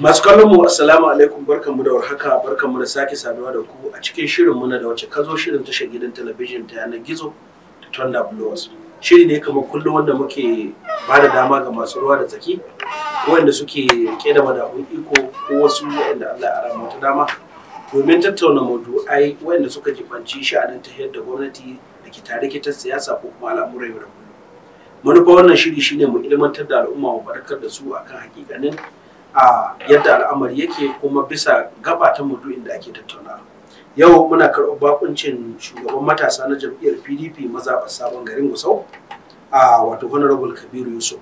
masu kallon mu assalamu alaikum barkanmu da warhaka barkanmu da sake saduwa da ku a cikin shirin muna da wace kazo shirin tashar gidan talabijin ta yanar gizo ta Tonda Blowers shiri ne kamar kullum wanda muke ba da dama ga masu ruwa da tsaki wanda suke ke da madafun iko ko wasu wanda Allah ya rama ta dama domin tattauna maudu'ai wanda suka jibanci sha'anin ta yadda gwamnati da ke tare ta siyasa ko kuma al'amuran yau da kullum manufa wannan shiri shine mu ilmantar da al'umma mu barkar da su akan hakikanin a yadda al'amari yake kuma bisa gaba ta maudu'in da ake tattauna yau muna karɓar bakuncin shugaban matasa na jam'iyyar pdp mazaɓar sabon garin gusau a wato honorable kabiru yusuf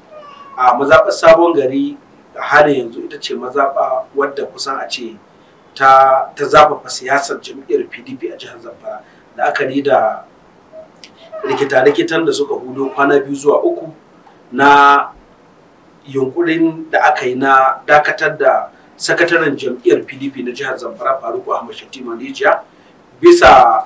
a mazaɓar sabon gari a yanzu ita ce mazaɓa wadda kusan a ce ta ta zafafa siyasar jam'iyyar pdp a jihar zamfara yi da rikita-rikitan da suka hudo kwana biyu zuwa uku na yunkurin da aka yi na dakatar da sakataren jam'iyyar pdp na jihar zamfara faruku ahmad shatima rijiya bisa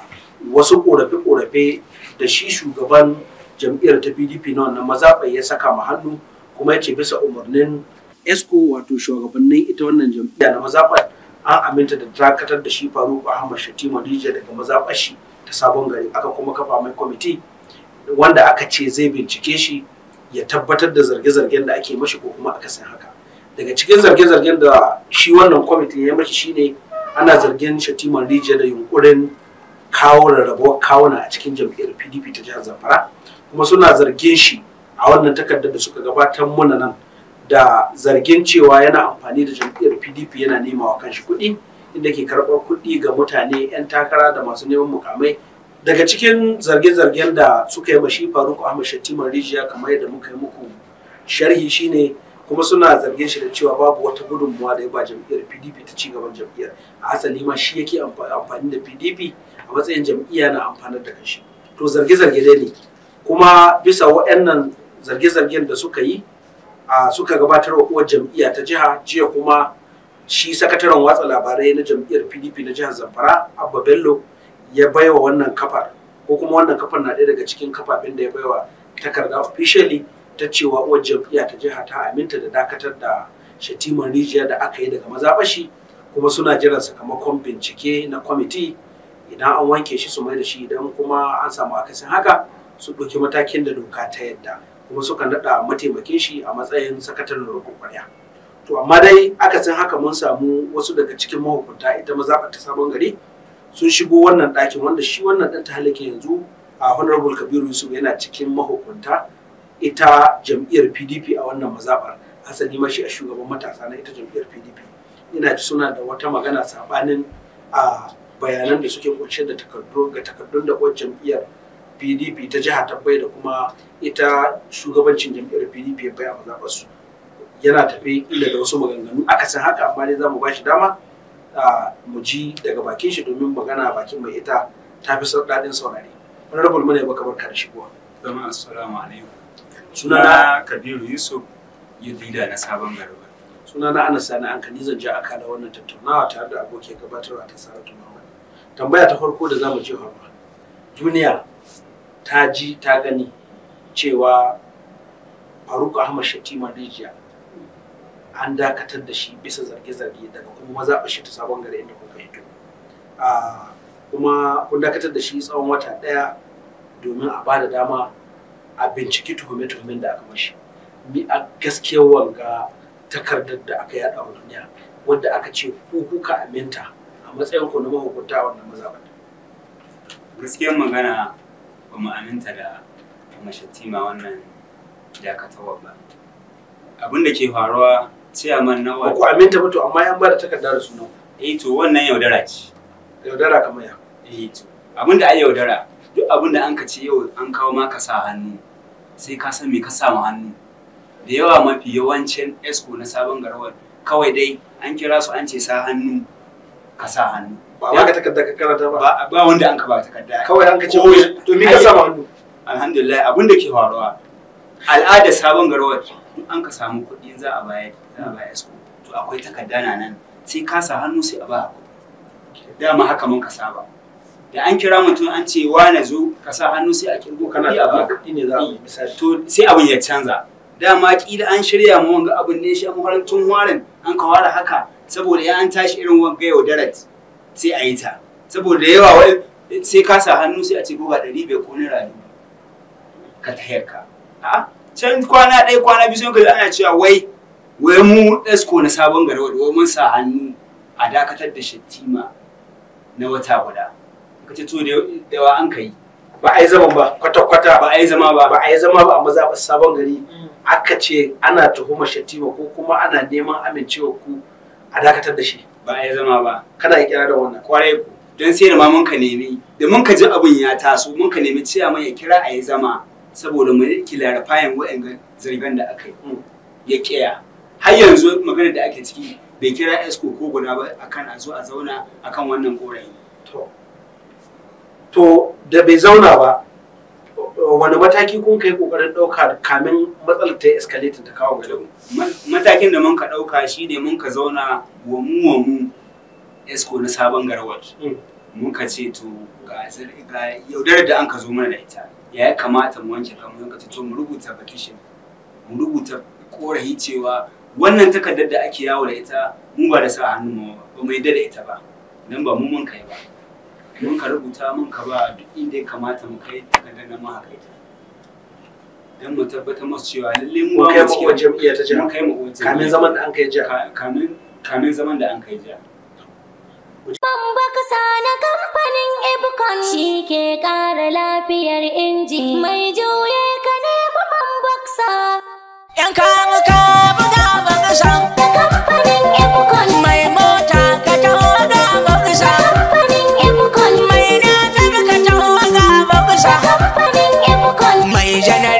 wasu korafe-korafe da shi shugaban jam'iyyar ta pdp na wannan mazaɓai ya saka ma hannu kuma ya ce bisa umarnin Esko wato shugabannin ita wannan jam'iyya na mazaɓar an aminta da dakatar da shi faruku ahmad Shattima rijiya daga mazaɓar shi ta sabon gari aka kuma kafa mai kwamiti wanda aka ce zai bincike shi ya tabbatar da zarge-zargen da ake mashi ko kuma aka san haka daga cikin zarge-zargen da shi wannan kwamitin ya mashi shine ana zargin shatiman rijiya da yunkurin kawo rarrabuwar kawuna a cikin jam'iyyar pdp ta jihar zamfara kuma suna zargin shi a wannan takardar da suka gabatar muna nan da zargin cewa yana amfani da jam'iyyar pdp yana nema wa kanshi kuɗi inda ke karɓar kuɗi ga mutane 'yan takara da masu neman mukamai daga cikin zarge-zargen da suka yi mashi faruk ahmad shattiman rijiya kamar yadda muka yi muku sharhi shine kuma suna zargin shi da cewa babu wata gudunmuwa da ya ba jam'iyyar pdp ta ci gaban jam'iyyar a asali ma shi yake amfani da pdp a matsayin jam'iyya na amfanar da kashi to zarge-zarge dai ne kuma bisa waɗannan zarge-zargen da suka yi a suka gabatar wa uwar jam'iyya ta jiha jiya kuma shi sakataren watsa labarai na jam'iyyar pdp na jihar zamfara abba bello ya baiwa wannan kafar ko kuma wannan kafar na ɗaya daga cikin kafafen da ya baiwa takarda officially ta cewa uwar jam'iyya ta jiha ta aminta da dakatar da shatiman rijiya da aka yi daga mazaɓashi kuma suna jiran sakamakon bincike na kwamiti idan an wanke shi su mai da shi idan kuma an samu akasin haka su ɗauki matakin da doka ta yadda kuma suka naɗa mataimakin shi a matsayin sakataren roƙon ƙwarya to amma dai akasin haka mun samu wasu daga cikin mahukunta ita mazaɓar ta sabon gari sun shigo wannan ɗakin wanda shi wannan ɗan ta halake yanzu a honorable kabiru yusuf yana cikin mahukunta ita jam'iyyar pdp a wannan mazaɓar ma shi a shugaban matasa na ita jam'iyyar pdp ina ji suna da wata magana saɓanin a bayanan da suke kunshe da takardun ga takardun da kuwa jam'iyyar pdp ta jiha tabbai da kuma ita shugabancin jam'iyyar pdp ya bai a mazaɓarsu yana tafi inda da wasu maganganu san haka amma dai za mu ba shi dama mu ji daga bakin shi domin magana bakin mai ita ta fi daɗin saurare wani rabul muna baka barka da shigowa zama assalamu alaikum na kabiru yusuf yudida na sabon garba Suna na anas sani an kani zan ja aka da wannan tattaunawa tare da abokin gabatarwa ta saratu muhammad tambaya ta farko da zamu ji horma duniya ta ji ta gani cewa faruk ahmad shatima rijiya an dakatar da shi bisa zarge-zarge daga kuma maza shi ta sabon gari inda kuka hito kuma kun dakatar da shi tsawon wata ɗaya domin a ba da dama a binciki tuhume-tuhumen da aka mashi mi a gaskiyar wanga takardar da aka yada wa duniya wadda aka ce ku kuka aminta a matsayin ku na mahukunta a maza ba gaskiyar magana ba mu aminta da mashatima wannan dakatarwa ba abin da ke faruwa ciyaman na wa ku aminta mutu amma yan bada takardar da sunan eh to wannan yaudara ce yaudara kamar ya eh to abinda ai yaudara duk abinda an ka ce yau an kawo maka sa hannu sai ka san me ka sa ma hannu da yawa mafi yawancin esco na sabon garwar kawai dai an kira su an ce sa hannu ka sa hannu ba ba ka takardar ka karanta ba ba wanda an ka ba takardar kawai an ka ce to me ka sa ma hannu alhamdulillah abinda ke faruwa al'adar sabon garwar in an ka samu kuɗi za a bayar za a bayar su to akwai takarda na nan sai ka sa hannu sai a ba dama haka mun ka saba da an kira mutum an ce wane zo ka sa hannu sai a kirgo kana da ba kuɗi ne za a eh, misali to sai abin ya canza dama kila an shirya mu wanga abin ne shi a makarantun warin an ka wara haka saboda ya an tashi irin wanga yau darat sai a yi ta saboda yawa sai ka sa hannu sai a ce ba ɗari bai ko naira ka ta ka a'a can kwana ɗaya kwana biyu sai ka ana cewa wai wai mu esko na sabon gari wai mun sa hannu a dakatar da shattima na wata guda ka ce to da yawa an ka yi ba a yi zaman ba kwata-kwata ba a yi zama ba ba a yi zama ba a sabon gari mm. aka ce ana tuhumar shattima ko kuma ana neman amincewa ku a dakatar da shi ba a yi zama ba kana yi kira da wannan kwarai ku don sai da ma mun ka nemi da mun ka ji abin ya taso mun ka nemi cewa mai ya kira a yi zama saboda mu kilarafayan wa'annan zargan da aka yi ya kiya har yanzu magana da ake ciki bai kira esco ko guda ba akan a zo a zauna akan wannan korayi to da bai zauna ba wani mataki kun kai kokarin dauka kamin matsalar ta escalate ta kawo gare matakin da mun ka ɗauka shine mun ka zauna wa mu esco na sabon garwat mm. mun ka ce to ga yaudarar da an ka zo mana da ita ya kamata mu wanke kanmu ka to mu rubuta petition mu rubuta korafi cewa wannan takardar da ake yawo da ita mu ba da sa hannu mu ba ba mu yadda da ita ba nan ba mu mun kai ba mun ka rubuta mun ka ba duk inda ya kamata mu kai takardar nan mu haka ita dan mu tabbatar masu cewa lalle mu ba mu cikin mun kai mu kamin zaman da an kai jiya kamin kamin zaman da an kai jiya Bambaka sana kamfanin Ibcon shi ke ƙara lafiyar inji mai juye ka nemi bambaksa. ‘Yan kamu ka buga baka shan. Kamfanin Ibcon. Mai mota ka taho ga baka Kamfanin Ibcon. Mai na ka taho ga baka shan. Kamfanin Ibcon. Mai janar.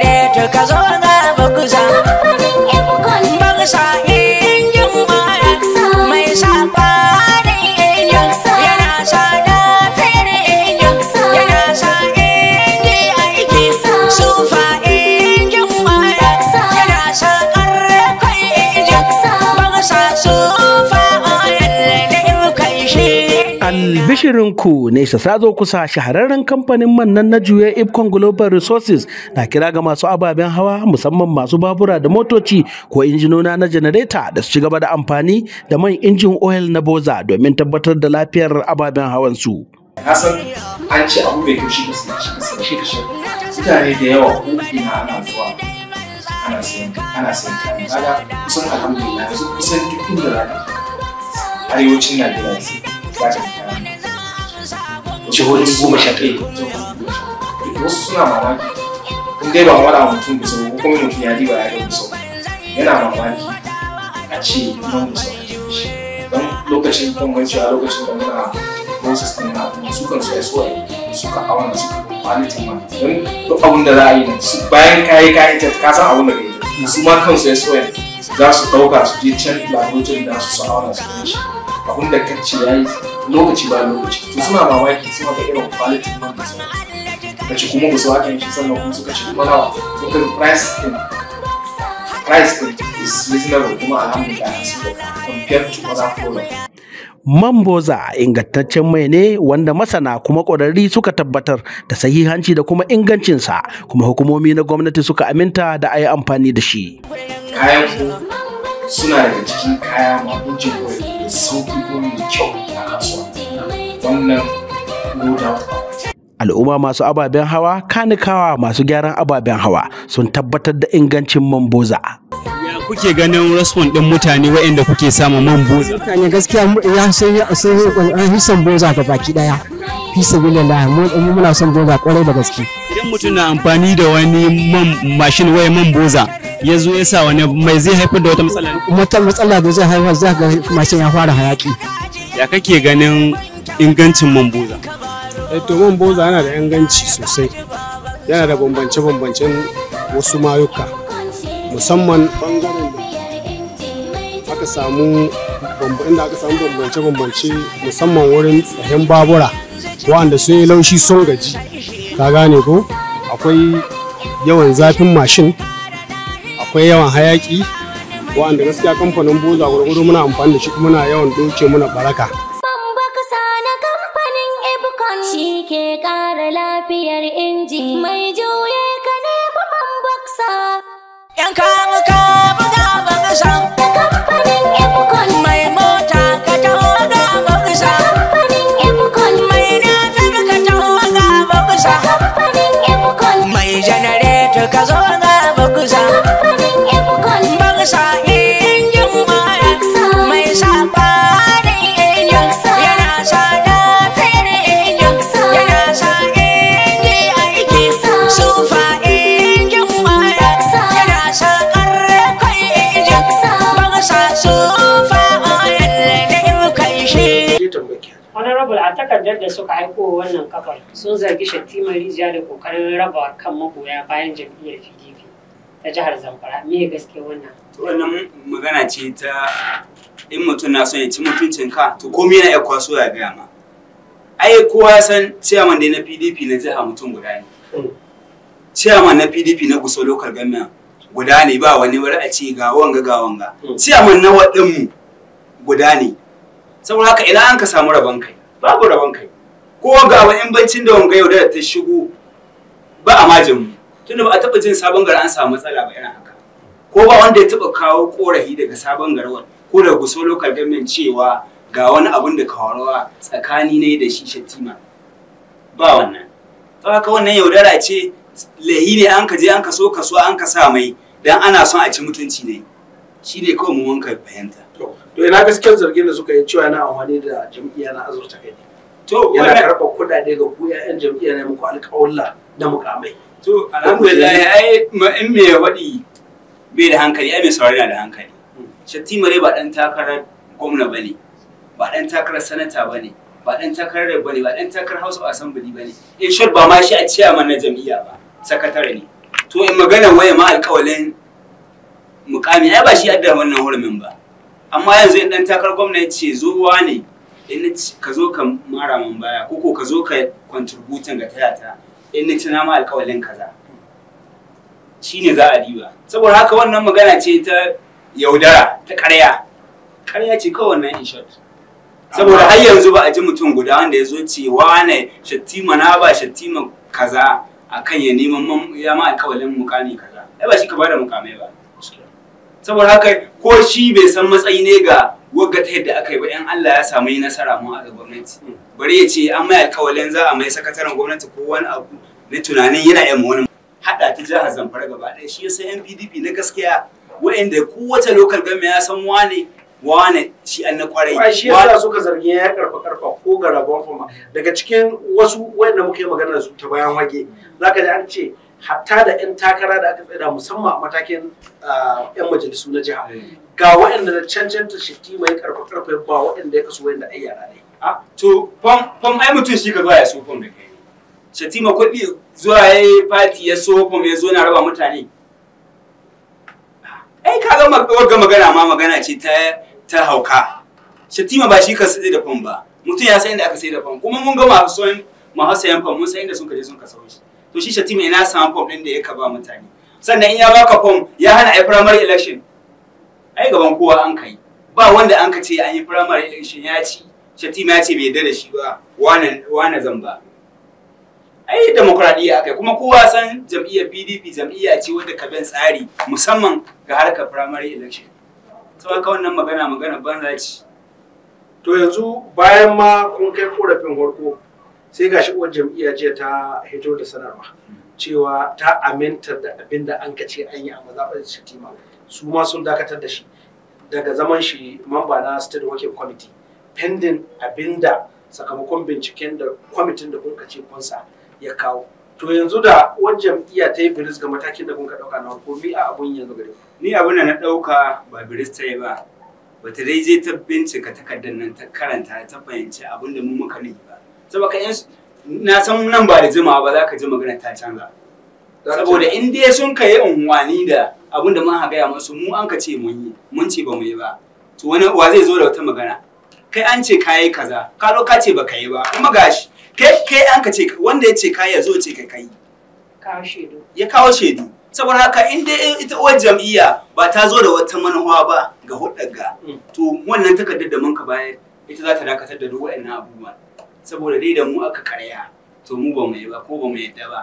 bishirin ku ne sa zo kusa shahararren kamfanin man nan na juya Ipcon Global Resources na kira ga masu ababen hawa musamman masu babura da motoci ko injinona na janareta da su ci gaba da amfani da man injin oil na boza domin tabbatar da lafiyar ababen hawan su. Kasan an ce abu bai tushe da shi da shi mutane da yawa ko ina ana zuwa ana sayan ana sayan kayan kusan alhamdulillah yanzu kusan duk inda za ka arewacin Najeriya sai ka ka jihohi goma sha ɗaya wasu suna mamaki in dai ba wani mutum bisa ko kuma mutum ya diba ya ga bisa yana mamaki a ce kuma bisa don lokacin bambanci a lokacin da muna process din na su kan su SY suka awana su ma don duk abin da za a yi bayan ka yi ta ka san abin da kai su ma kansu SY za su ɗauka su je can laboratory da su su awana shi abin da kacce ya yi lokaci ba lokaci to suna ba waki suna haka irin quality man da sauran suka ci kuma musu haka shi sannan kuma suka ci kuma nawa to kan price din price din is reasonable kuma alhamdulillah su ka compare to other products Mamboza ingantaccen mai ne wanda masana kuma ƙwararri suka tabbatar da sahihanci da kuma ingancinsa kuma hukumomi na gwamnati suka aminta da a yi amfani da shi. Kayan suna daga cikin kaya magunjin wani da sauƙi ko mai kyau a kasuwa. wannan al'umma masu ababen hawa kanikawa masu gyaran ababen hawa sun tabbatar da ingancin mamboza ya kuke ganin respon ɗin mutane waɗanda kuke samu mamboza mutane gaskiya ya sun yi sun yi son boza ga baki daya fi sabilillah mu muna son boza ƙwarai da gaske idan mutum na amfani da wani mashin waya boza" ya zo ya sa wani mai zai haifar da wata matsala wata matsala da zai haifar za ga mashin ya fara hayaƙi. ya kake ganin ingancin man boza eh, to man boza yana da inganci sosai yana da bambance-bambancen wasu mayuka musamman bangaren da aka samu inda aka samu bambance-bambance musamman wurin tsahin babura wa'anda sun yi laushi sun gaji ka gane ko akwai yawan zafin mashin akwai yawan hayaki wa'anda gaskiya kamfanin boza gwargwado muna amfani da shi kuma muna yawan doke muna baraka tafiyar inji mai juye ka ne baksa Yan kawo suka aiko wannan kafar sun zargi Shattima Rijiya da kokarin raba kan magoya bayan jam'iyyar PDP ta jihar Zamfara. Me gaske wannan? Wannan magana ce ta in mutum na son ya ci mutuncin ka to komai yana iya kwaso ya gaya ma. Ai kowa san ciyaman dai na PDP na jiha mutum guda ne. Hmm. Ciyaman na PDP na gusa Local Government guda ne ba wani wani a ce ga wanga ga wanga. Hmm. Ciyaman na mu guda ne. Saboda haka ina an ka samu rabon kai. Babu rabon kai. ko ga wa'in bancin da wanga yaudara ta shigo ba a majin mu tunda ba a taɓa jin sabon gari an samu matsala ba irin haka ko ba wanda ya taɓa kawo korafi daga sabon garwar ko da guso local government cewa ga wani abun da kawarwa tsakani ne da shi shatima ba wannan to haka wannan yaudara ce lahi ne an ka je an ka so kasuwa an ka sa mai dan ana son a ci mutunci ne shi ne kawai mu wanka fahimta to ina gaskiyar zargin da suka yi cewa yana amfani da jam'iyya na azurta kai yana karɓar kuɗaɗe ga ku 'ya'yan jam'iyyar na muku alƙawalla na mukamai to alhamdulillah ai in me ya faɗi bai da hankali ai mai saurari da hankali hmm. shattima dai ba ɗan takarar gwamna ba ne ba ɗan takarar sanata ba ne ba ɗan takarar rai ba ne ba ɗan takarar house of assembly ba ne in short ba ma shi a ciyaman na jam'iyya ba sakatare ne to in magana waya ma alƙawalin mukami ai ba shi adda wannan hurumin ba amma yanzu in ɗan takarar gwamna ya ce zo ne in ka zo ka mara min baya ko ka zo ka contributing ga tayata in na ci na ma alƙawalin kaza shine za a diba. saboda haka wannan magana ce ta yaudara ta ƙarya ƙarya ce kawai wannan in short saboda har yanzu ba a ji mutum guda wanda ya zo ce wane shattima na ba shattima kaza akan ya neman ya ma alƙawalin mukami kaza ai ba shi ka bada mukamai ba saboda haka ko shi bai san matsayi ne ga wagga ta yadda aka yi ba yan Allah ya samu nasara mu a gwamnati bari ya ce an mai alƙawalin za a mai sakataren gwamnati ko wani abu na tunanin yana yan wani hada ta jihar Zamfara gaba ɗaya shi yasa yan PDP na gaskiya wa'anda kowace lokal gami ya san wane wane shi an na kwarai ba shi yasa suka zargi ya karfa karfa ko garabon fama daga cikin wasu wanda muke magana da su ta bayan wage zaka ji an ce hatta da 'yan takara da aka tsada musamman a matakin 'yan ah, majalisu na jiha eh. ga waɗanda da cancanta shifti mai karfa karfe ba waɗanda ya kasu waɗanda ai yara ne. to fam ai mutum shi ka zuwa ya so fam da kai shatima kuɗi zuwa ya yi fati ya so fam ya zo na raba mutane ai ka ga wagga magana ma magana ce ta ta hauka shatima ba shi ka sai da fam ba mutum ya sai inda aka sai da fam kuma mun ga masu sayan fam mun san inda sun kaje sun ka sauki to shi shatima ina samu form din da ya ka ba mutane sannan in ya baka form ya hana ai primary election ai gaban kowa an kai ba wanda an ka ce an yi primary election ya ci shatima ya ce bai dare shi ba wane wane zan ba ai demokradiyya akai kuma kowa san jam'iyyar PDP jam'iyya ce wadda ka bin tsari musamman ga harkar primary election sau aka wannan magana magana ban ce to yanzu bayan ma kun kai korafin farko sai gashi uwar jam'iyya jiya ta hito da sanarwa cewa ta aminta da abin da an kace an yi a mazaɓar shatima su ma sun dakatar da shi daga zaman shi mamba na state working committee pending abin da sakamakon binciken da kwamitin da kun ce kunsa ya kawo to yanzu da uwar jam'iyya ta yi biris ga matakin da kun ka ɗauka na farko mi a abun yanzu gare ni abin da na ɗauka ba biris ta yi ba bata dai je ta bincika takardar nan ta karanta ta fahimci abin da mu muka ne ba saboda in na san nan ba da jimawa ba za ka ji magana ta canza saboda in dai sun kai unwani da abin da mun ha gaya musu mu an ka ce mun yi mun ce ba mu yi ba to wani wa zai zo da wata magana kai an ce kayi kaza ka zo ka ce ba ka yi ba kuma gashi kai kai an ka ce wanda ya ce kayi ya zo ce kai kai ya kawo shaidu saboda haka in dai ita uwar jam'iyya ba ta zo da wata manuwa ba ga hudda ga mm. to wannan takardar da mun ka bayar ita za ta dakatar da duk waɗannan abubuwa saboda dai da mu aka karya to mu ba mu yi ba ko ba mu yadda ba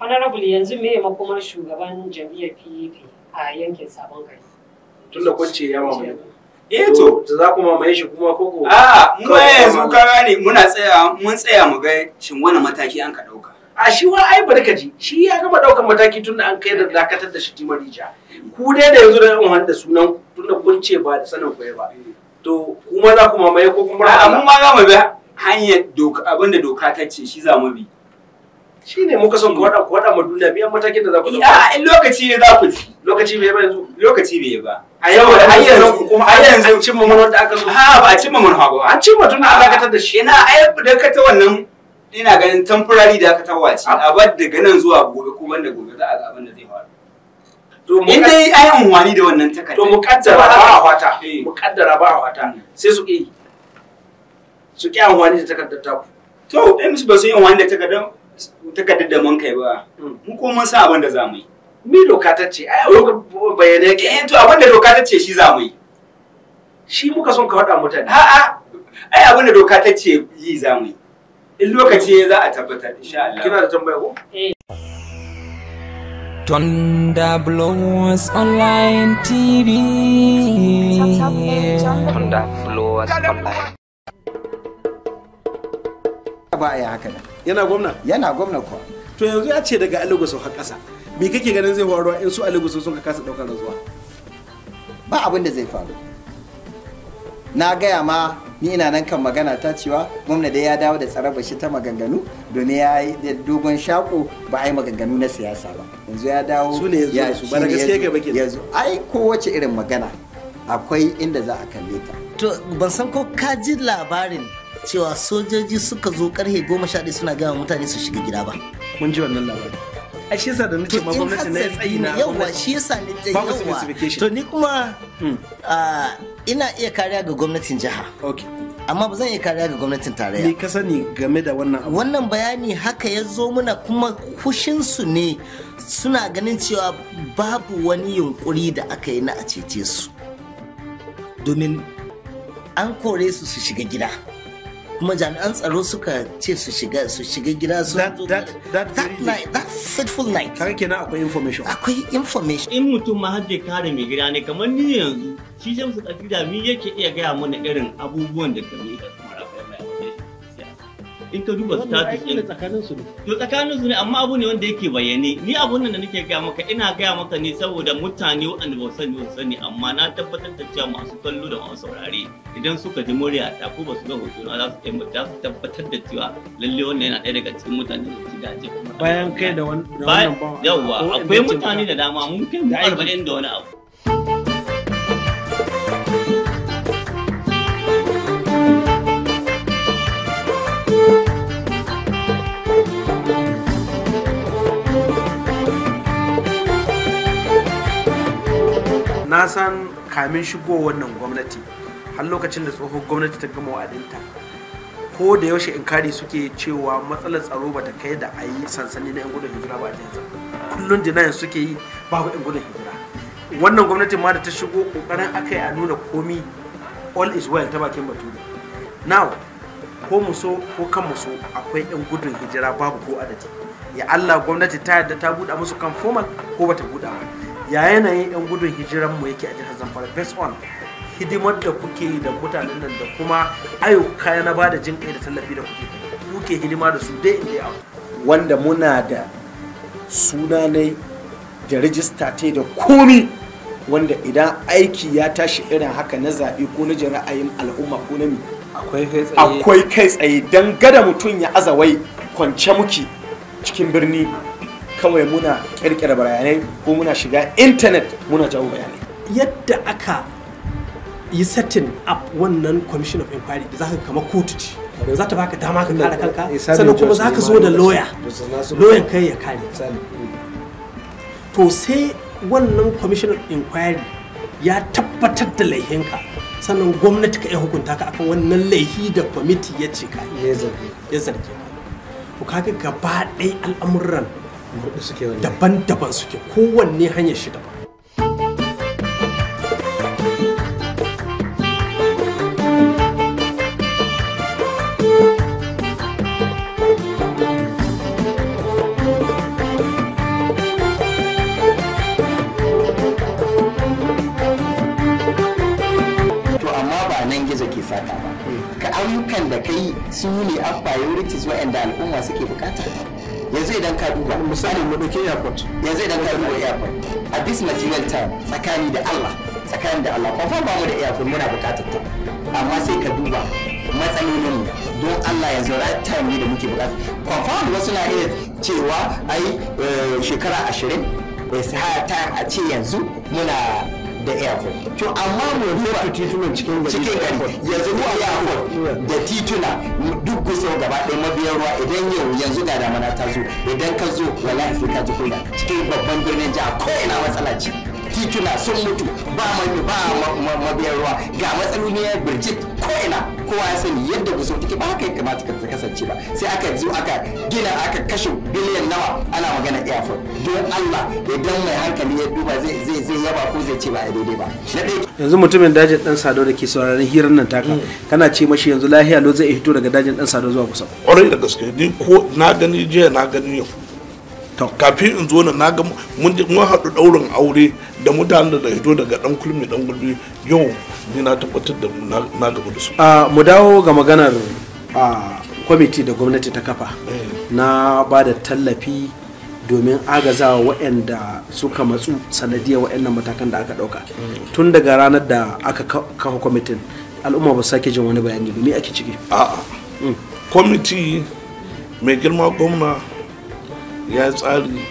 honorable yanzu me makomar shugaban jam'iyyar PDP a yankin sabon gari tun da kwance ya eh ah, mu ku eh to za ku mai shi kuma koko Ah, mu yanzu ka gane muna tsaya mun tsaya mu ga shin wani mataki an ka dauka a shi wa ai barka ji shi ya gama daukan mataki tun da an kai da dakatar da shi timarija ku dai da yanzu da yan da sunan tun da kun ce ba da sanin ku ba eh. to kuma za ku mamaye ko kuma a amma za mu bi hanyar doka abinda doka ta ce shi za mu bi shi ne muka son ku wada ku wada mu duniya biyan matakin da za ku dauka a in lokaci ne za ku ci lokaci bai ba yanzu lokaci bai ba a yau da har yanzu kuma har yanzu cin mu da aka zo ha ba cin mu mun hago an cin mu tun an dakatar da shi ina ai da ka ta wannan ina ganin temporary da aka tawaci a bar daga nan zuwa gobe ko wanda gobe za a ga abin da zai in dai ai unwani da wannan takarda to muƙaddara ba a fata muƙaddara ba a fata eh. mm. sai su ƙi su ƙi unwani da takardar taku to dai musu ba su yi unwani da takardar takardar da mun kai ba mm. mu ko mun san abin da za mu yi me doka ta ce ai bayanai ke eh, to abin da doka ta ce shi za mu yi shi muka son ka faɗa mutane a ai abin da doka ta ce yi za mu yi in lokaci za a tabbatar insha Allah kina da tambaya ko eh. Thunder Blows Online TV. Thunder Blows Online. Ba ya haka nan. Yana gwamna? Yana gwamna kuwa. To yanzu ya ce daga Alugu sau har ƙasa. Me kake ganin zai faruwa in su Alugu sun ka kasa ɗaukar zuwa? Ba abin da zai faru. na gaya ma ni ina nan kan magana ta cewa gwamna dai ya dawo da tsaraba bashi ta maganganu domin ya yi da dogon shako ba a yi maganganu na siyasa ba yanzu ya dawo su ne yanzu su ba da gaske ga ke yanzu ai kowace irin magana akwai inda za a kalle ta to ban san ko ka ji labarin cewa sojoji suka zo karfe goma sha suna gaya mutane su shiga gida ba mun ji wannan labarin a shi yasa da nake ma gwamnati na tsayi na yawa shi yasa ne tsayi yawa to ni kuma hmm. ah, ina iya kariya ga gwamnatin jiha amma ba zan iya kariya ga gwamnatin tarayya ni ka sani game da wannan abu wannan bayani haka ya zo muna kuma kushinsu ne suna ganin cewa babu wani yunkuri da aka yi na a cece su domin an kore su su shiga gida kuma jami'an tsaro suka ce su shiga su shiga gida su that, that, that, that night that fateful night kaga kenan akwai information akwai information in mutum ma har kare mai gida ne kamar ni yanzu shi Shamsu Tsakida mi yake iya gaya mana irin abubuwan da kami in ka duba status din tsakanin su ne to tsakanin su ne amma abu ne wanda yake bayani. ni abun nan da nake gaya maka ina gaya maka ne saboda mutane wanda ba sani ba sani amma na tabbatar da cewa masu kallo da masu saurare idan suka ji murya ta ko ba su ga hoto na za su mutum su tabbatar da cewa lalle wannan yana ɗaya daga cikin mutane da su dace bayan kai da wannan ba yawa akwai mutane da dama mun kai mu arba'in da wani abu san kamin shigo wannan gwamnati har lokacin da tsohon gwamnati ta gama wa'adinta ko da yaushe in kari suke cewa matsalar tsaro ba ta kai da a yi sansani na 'yan gudun hijira ba a yanzu. kullum dinayen suke yi babu 'yan gudun hijira wannan gwamnati ma da ta shigo kokarin aka a nuna komi all is well ta bakin baturi now ko mu ko kan mu akwai 'yan gudun hijira babu ko adadi ya allah gwamnati ta yarda ta buɗa musu kan formal ko bata buɗa ba ya yanayin yan gudun hijiran mu yake a jihar zamfara based on hidimar da kuke yi da mutanen nan da kuma ayyuka na bada jin kai da tallafi da kuke kuke hidima da su dai inda wanda muna da suna ne da rijista ta da komi wanda idan aiki ya tashi irin haka na zaɓe ko na ra'ayin al'umma ko na akwai kai tsaye don gada mutum ya azawai kwance muke cikin birni kawai muna kirkira bayanai ko muna shiga intanet muna jawo bayanai yadda aka yi setting up wannan commission of inquiry da zaka kama kotu ce za ta baka dama ka kare kanka eh, sannan kuma za ka zo da lawyer lawyer kai ya kare to sai wannan commission of inquiry ya tabbatar da laihinka sannan gwamnati ka iya hukunta ka akan wannan laihi da committee ya ce ka ya zarge ka to kaga gaba ɗaya al'amuran daban-daban suke kowanne hanyar shi daban amma ba ga ayyukan da kai su ne a priorities waɗanda al'umma suke bukata yanzu idan ka duba misali mu dauke airport yanzu idan ka duba airport a this material time tsakani da Allah tsakani da Allah confirm ba mu da airport muna bukatar ta amma sai ka duba matsalolin don Allah yanzu right time ne da muke bukata confirm wasu na iya cewa ai eh, shekara 20 eh, sai sa ta a ce yanzu muna da airport to amma mu titunan cikin gari cikin gari yanzu ruwa airport da tituna duk gusa gaba ɗaya mabiyan ruwa idan yau yanzu ga damana ta zo idan ka zo wallahi sai ka ji kula cikin babban birnin jiha ko ina matsala ce tituna sun mutu ba ba mabiyan ruwa ga ne birjit ko ina kowa ya sani yadda guso take ba haka ya kamata ka kasance ba sai aka zo aka gina aka kashe biliyan nawa ana magana airport don Allah idan mai hankali ya duba zai zai zai yaba ko zai ce ba daidai ba yanzu mutumin dajin dan sado da ke sauraron hirar nan taka hmm. kana ce mashi yanzu lahiya lo zai fito daga dajin dan sado zuwa kusa kwarai da gaske ni ko na gani jiya na gani ya kafin in zo na na ga mun haɗu ɗaurin aure da mutanen da hito daga ɗan kulmi ɗan gulbi yau ni na tabbatar da na gabu da su. mu dawo ga maganar kwamiti da gwamnati ta kafa eh. na ba da tallafi domin agazawa waɗanda suka matsu sanadiya waɗannan matakan da aka ɗauka eh. tun daga ranar da aka kafa kwamitin al'umma ba sake jin wani bayani ba me ake ciki a'a mm. kwamiti mai girma gwamna ya tsari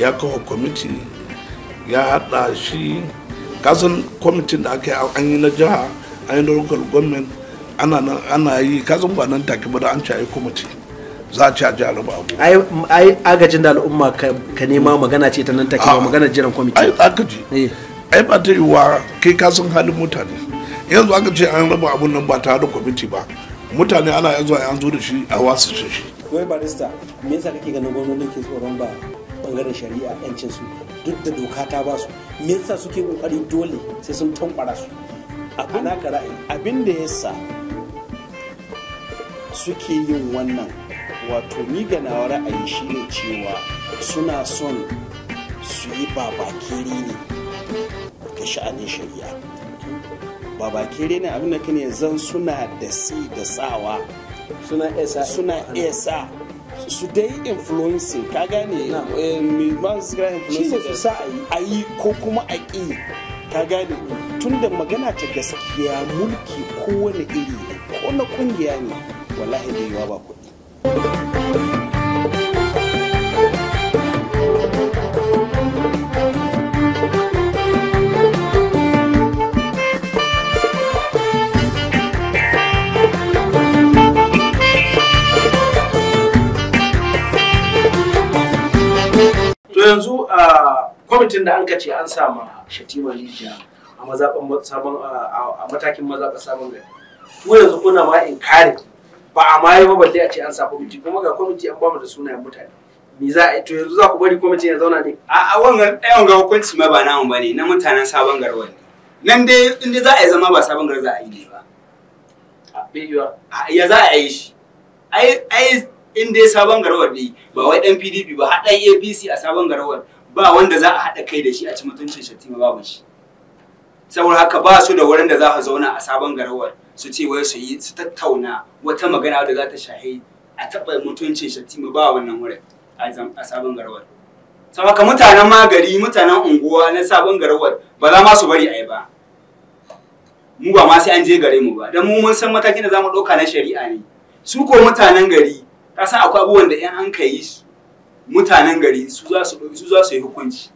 ya kawo kwamiti ya haɗa shi kasan kwamitin da aka yi an yi na jiha an yi na local government ana yi kasan ba nan take ba da an ci a kwamiti za a ci a jihar ba abu ai agajin da al'umma ka nema hmm. magana ce ta nan take ba ah. magana jiran kwamiti ai a eh. ai ba ta wa kai kasan halin mutane yanzu aka ce an raba abun nan ba tare da kwamiti ba mutane ana yanzu a yanzu da shi a wasu shi wai barista me yasa kake ganin gwamnati ke tsoron ba bangaren shari'a yancin su duk da doka ta ba su me yasa suke kokari dole sai sun tankwara su abin da yasa suke yin wannan wato ni ga nawa ra'ayi shine cewa suna son su yi babakere ne ga sha'anin shari'a babakere ne abin da ne zan suna da si da sawa suna esa suna esa su dai influencing ka gane man eh, su kira influencing su sa a yi ko kuma a ƙi ka gane tunda magana ta gaskiya mulki kowane iri ko na kungiya ne wallahi da yiwa ba kuɗi kwamitin da an ce an sama shatima rijiya a mazaɓan sabon a matakin mazaɓa sabon gari ko yanzu kuna ma in kare ba a ma yi ba balle a ce an sa kwamiti kuma ga kwamiti an bamu da sunayen mutane me za a yi to yanzu za ku bari kwamitin ya zauna ne a a wannan ɗayan ga hukunci ma ba namu ba ne na mutanen sabon garwa ne nan dai inda za a yi zama ba sabon garwa za a yi ne ba a ya za a yi shi ai ai in dai sabon garwar ne ba wai dan PDP ba haɗa APC a sabon garwar ba wanda za a haɗa kai da shi a ci mutuncin shatima babu shi saboda haka ba su da wurin da za a zauna a sabon garawar su ce wai su yi su tattauna wata magana da za ta shahi a taɓa mutuncin shatima ba wannan wurin a sabon garawar saboda haka mutanen magari mutanen unguwa na sabon garawar ba za ma su bari a yi ba mu ba ma sai an je gare mu ba don mu mun san matakin da za mu ɗauka na shari'a ne su ko mutanen gari ka san akwai abubuwan da in an kai su mutanen gari su za su su za su yi hukunci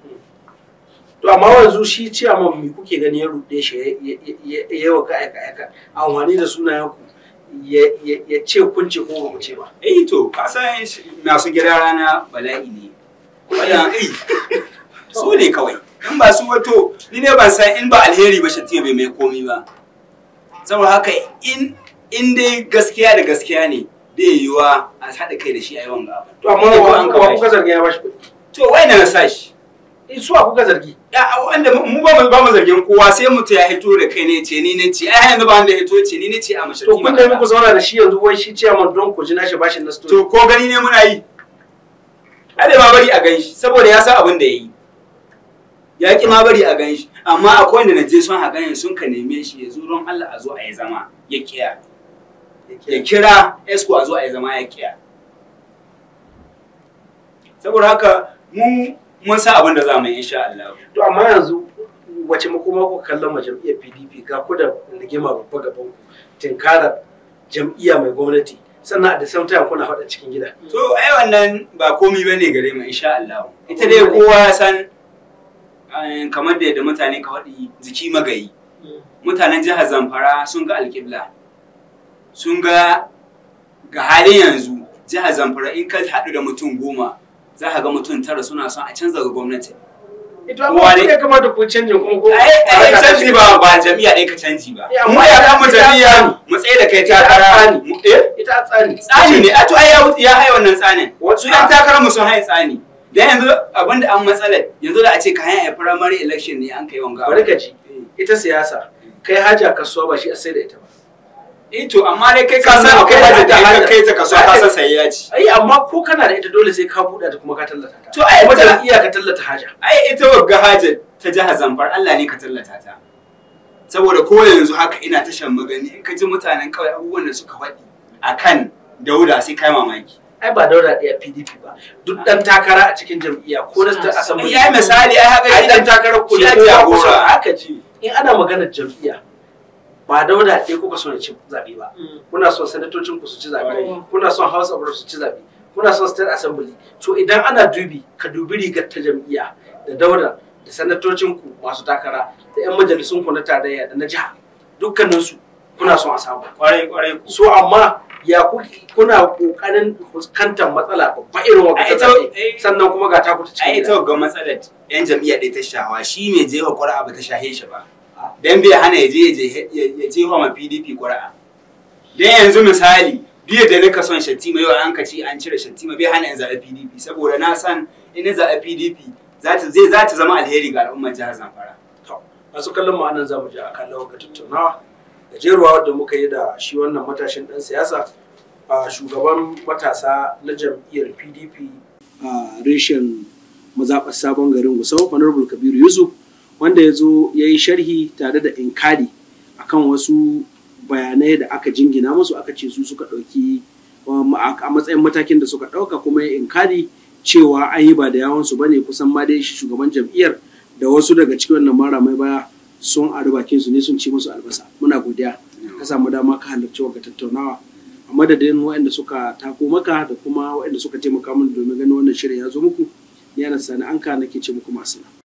to amma wanzu shi ciyaman me kuke gani ya rude shi ya yawa ka aika aika amfani da sunayen ku ya ce kun ce ko ba mu ce ba eh to ka san masu gira rana bala'i ne wannan eh su ne kawai in ba su wato ni ne ban san in ba alheri ba shatiya bai mai komi ba saboda haka in in dai gaskiya da gaskiya ne bai yiwuwa a haɗa kai da shi a yawan gaba. To amma wa kuka zargi ya bashi kuɗi. To wai na sa shi. In eh, suwa kuka zargi. Ya wanda mu ba ba mu zargin kowa sai mu ta ya hito da kai ne ce ni ne ce ai yanzu ba wanda hito ce ni ne ce a mashi. To kun da muku zauna da shi yanzu wai shi ce mun don ku ji shi bashi na story. To ko gani ne muna yi. Ai ma bari a gan shi saboda ya san abin da ya yi. Ya ki ma bari a gan shi amma akwai wanda na je son haƙanin sun ka neme shi ya zo don Allah a zo a yi zama ya kiyaye. ya kira esko a zo a yi zama ya kiya saboda haka mun mun sa abin da za mu yi insha Allah to amma yanzu wace makoma ku kallon ma jam'iyyar PDP ga ku da rigima babba gaban ku tinkara jam'iyya mai gwamnati sannan a da same time kuna faɗa cikin gida to ai wannan ba komai bane gare mu insha Allah ita dai kowa ya san eh, kamar da yadda mutane ka faɗi jiki magayi mm. mutanen jihar Zamfara sun ga alƙibla sun ga ga halin yanzu jihar zamfara in ka haɗu da mutum goma za ka ga mutum tara suna son a canza ga gwamnati ita ba ne ya kamata ku canjin kuma ko ai canji ba ba jami'a ɗaya ka canji ba mu ya da mu jami'a mu tsaye da kai takara mu eh ita tsani tsani ne a to ai ya hai wannan tsanin su yan takara mu sun hai tsani dan yanzu abinda an matsala yanzu da a ce ka kayan a primary election ne an kai wanga barkaci ita siyasa kai haja kasuwa ba shi a sai da ita ito eh to amma dai kai ka san akwai haja da ka kai ta kasuwa ka san sai yaji ai amma ko kana da ita dole sai ka buɗa ta kuma ka tallata ta to ai kuma ta iya ka tallata haja ai ita wagga haja ta jihar Zamfara Allah ne ka tallata ta saboda ko yanzu haka ina ta shan magani in ka ji mutanen kawai abubuwan da suka faɗi akan Dauda sai kai mamaki ai ba Dauda ɗaya PDP ba duk dan takara a cikin jam'iyya ko na ta asambili ai misali ai haka dan takara ko ya jagora haka ji in ana maganar jam'iyya ba dauda ɗaya kuka so ya ci zabe ba mm. kuna son sanatocin ku su ci zabe? Mm. kuna son house of su ci zabe? kuna son state assembly to idan ana dubi ka dubi rigar ta jam'iyya da dauda da sanatocin ku masu takara da yan majalisun ku na tarayya da na jiha dukkanin su kuna son a samu kwarai kwarai so amma ya kuna kokarin fuskantar matsala babba irin wa eh, sannan kuma ga ku ta ci a ita ga matsalar yan jam'iyya ɗaya ta shawa shi ne je wa ƙwara'a ba ta shahe shi ba dan bai hana yaje je ya je ma PDP ƙuri'a dan yanzu misali biye da nika son Shattima yau an kaci an cire Shattima bai hana in zaɓi PDP saboda na san in a PDP zai za ta zama alheri ga al'ummar jihar Zamfara masu kallon mu anan zamu je a kan lawa tattaunawa gajeruwa wadda muka yi da shi wannan matashin dan siyasa a shugaban matasa na jam'iyyar PDP a reshen mazaɓar sabon garin Gusau Honorable Kabiru Yusuf wanda ya zo ya yi sharhi tare da inkari akan wasu bayanai da aka jingina musu aka ce su suka ɗauki um, a matsayin matakin da suka ɗauka kuma ya inkari cewa an yi ba da yawansu ba ne kusan ma dai shi shugaban jam'iyyar da wasu daga cikin wannan mara mai baya sun a bakin su ne sun ci musu albasa muna godiya ka samu dama ka halarci wa tattaunawa a madadin waɗanda suka tako maka da kuma waɗanda suka taimaka mun domin ganin wannan shirin ya zo muku ni ana sani anka nake ce muku masu